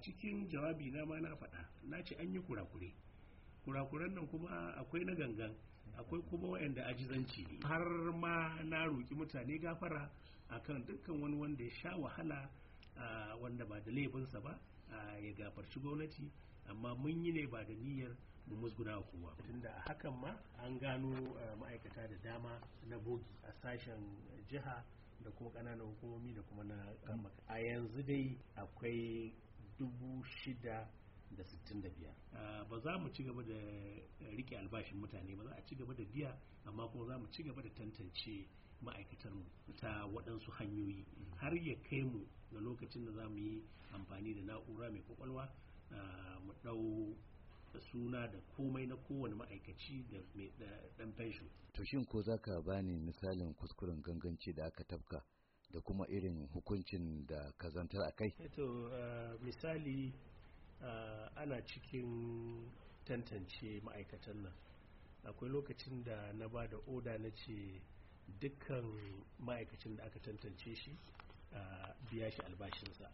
cikin jawabi na ma na faɗa na ce an yi kurakure kurakuren nan kuma akwai na gangan akwai kuma wayanda ajizanci ne har ma na roƙi mutane gafara akan dukkan wani wanda ya sha wahala wanda ba da laifinsa ba ya gafarci gwamnati amma mun yi ne ba da niyyar mu musguna wa kowa tunda a hakan ma an gano ma'aikata da dama na bogi a sashen jiha da kuma ƙananan hukumomi da kuma na a yanzu dai akwai 65 ah, ba za mu ci gaba da eh, rike albashin mutane ba za a ci gaba da biya amma kuma za mu ci gaba da tantance ma'aikatarmu ta waɗansu hanyoyi mm-hmm. har ya kai mu ga lokacin da za mu yi amfani da na'ura mai kwakwalwa ah, mu ɗau suna da komai na kowane ma'aikaci da ɗan fensho. to shin ko za ka bani misalin kuskuren ganganci da aka tafka da kuma irin hukuncin da kazantar a kai? to misali ana cikin tantance ma'aikatan nan akwai lokacin da na ba da oda na ce dukkan ma'aikacin da aka tantance shi a biya shi albashinsa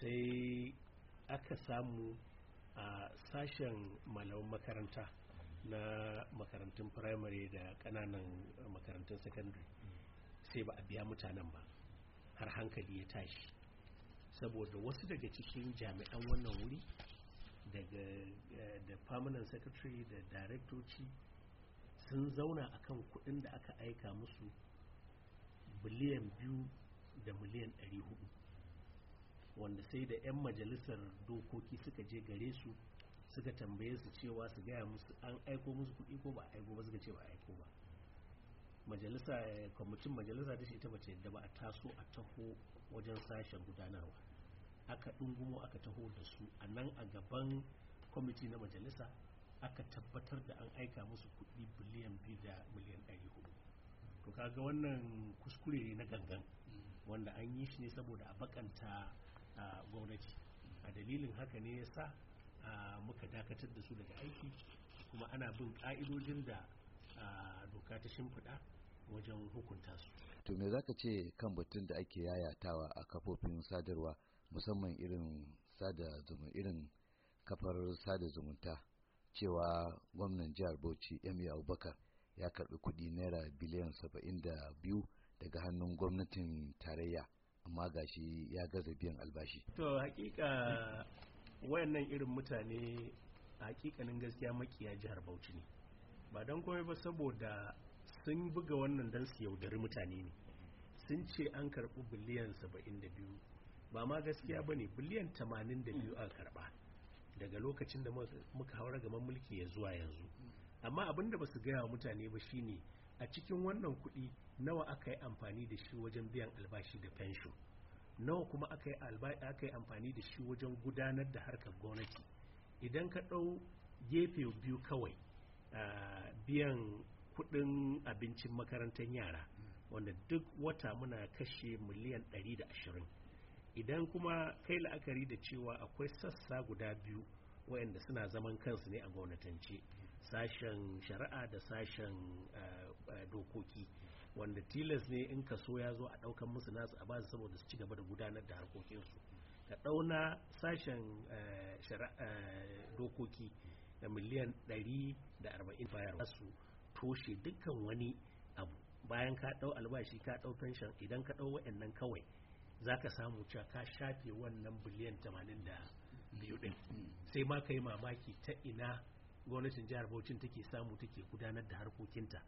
sai aka samu a sashen malaman makaranta na makarantun firamare da kananan makarantun secondary sai ba a biya mutanen ba har hankali ya tashi saboda wasu daga cikin jami'an wannan wuri daga eh, da permanent secretary da directorci sun zauna a kan kudin da aka aika musu biliyan biyu da miliyan ɗari hudu wanda sai da 'yan majalisar dokoki suka je gare su suka tambaye su cewa su gaya musu an aiko musu kuɗi ko ba aiko ba suka ce ba aiko ba majalisa eh, kwamitin majalisa da shi ita mace yadda ba a taso a taho wajen sashen gudanarwa aka dungumo aka taho da su a nan a gaban kwamiti na majalisa aka tabbatar da an aika musu kuɗi biliyan biyu da miliyan ɗari hudu to kaga wannan kuskure ne na gangan wanda an yi shi ne saboda a bakanta gwamnati a dalilin haka ne ya sa muka dakatar da su daga aiki kuma ana bin ƙa'idojin da a doka ta shimfiɗa wajen hukunta su. To me zaka ce kan batun da ake yayatawa a kafofin sadarwa musamman irin sada irin kafar sada zumunta cewa gwamnan jihar Bauchi Yemi Abubakar ya karbi kuɗi naira biliyan saba'in da biyu daga hannun gwamnatin tarayya amma gashi ya gaza biyan albashi. To hakika wayannan irin mutane hakikanin gaskiya makiya jihar Bauchi ne. ba don komai ba saboda sun buga wannan don su yaudari mutane ne sun ce an karɓi biliyan 72 ba ma gaskiya ba ne biliyan 82 an karɓa daga lokacin da muka haura gaban mulki ya zuwa yanzu amma abin da ba su gaya mutane ba shine a cikin wannan kuɗi nawa aka yi amfani da shi wajen biyan albashi da fensho nawa kuma aka yi amfani da shi wajen gudanar da harkar gwamnati idan ka ɗau gefe biyu kawai biyan kudin abincin makarantar yara wanda duk wata muna kashe miliyan 120 idan kuma kai la'akari da cewa akwai sassa guda biyu wayanda suna zaman kansu ne a gwamnatance sashen shari'a da sashen dokoki wanda tilas ne in kaso ya zo a daukan musu nasu a basu saboda su ci gaba da gudanar da harkokinsu ka dauna sashen dokoki da miliyan 140 bayarwa su toshe dukkan wani abu bayan ka ɗau albashi ka ɗau pension idan ka ɗau wayannan kawai za ka samu cewa ka shafe wannan biliyan da biyu din. Mm. sai ma ka yi mamaki ta ina gwamnatin jihar Bauchi take samu take gudanar da harkokinta